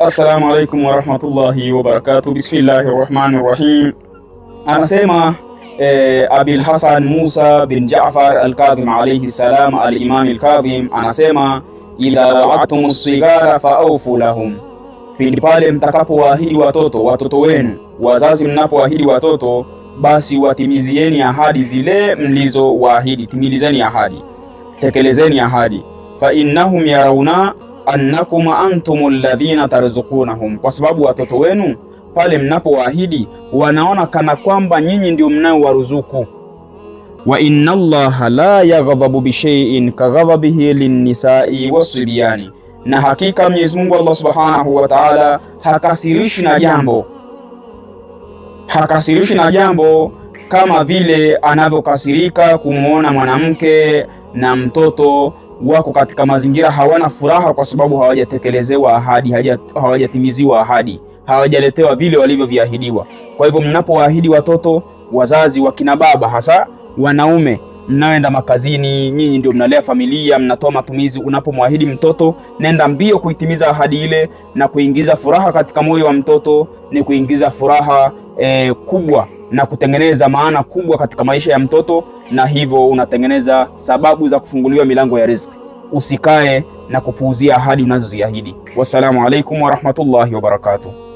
Assalamu alaikum warahmatullahi wabarakatuh. Bismillahi rahmani rahim. Anasema eh, Abil Hasan Musa bin Jaafar Alkadhim alaihi salam, Alimami Alkadhim anasema idha waadtum sigara faaufu lahum, pindi pale mtakapowaahidi watoto watoto wenu, wazazi mnapowaahidi watoto, basi watimizieni ahadi zile mlizowaahidi. Timilizeni ahadi, tekelezeni ahadi. Fa innahum yarauna annakum antum alladhina tarzuqunahum, kwa sababu watoto wenu pale mnapowaahidi wanaona kana kwamba nyinyi ndio mnayowaruzuku. Wa inna allaha la yaghdhabu bi shay'in ka ghadhabihi linnisai wasibyani, na hakika Mwenyezi Mungu Allah Subhanahu wa Ta'ala hakasirishi na jambo hakasirishi na jambo kama vile anavyokasirika kumwona mwanamke na mtoto wako katika mazingira hawana furaha, kwa sababu hawajatekelezewa ahadi, hawajatimiziwa ahadi, hawajaletewa vile walivyoviahidiwa. Kwa hivyo mnapowaahidi watoto, wazazi, wakina baba, hasa wanaume mnaoenda makazini, nyinyi ndio mnalea familia, mnatoa matumizi. Unapomwahidi mtoto, nenda mbio kuitimiza ahadi ile, na kuingiza furaha katika moyo wa mtoto ni kuingiza furaha eh, kubwa na kutengeneza maana kubwa katika maisha ya mtoto, na hivyo unatengeneza sababu za kufunguliwa milango ya riziki. Usikae na kupuuzia ahadi unazoziahidi. Wassalamu alaikum warahmatullahi wabarakatuh.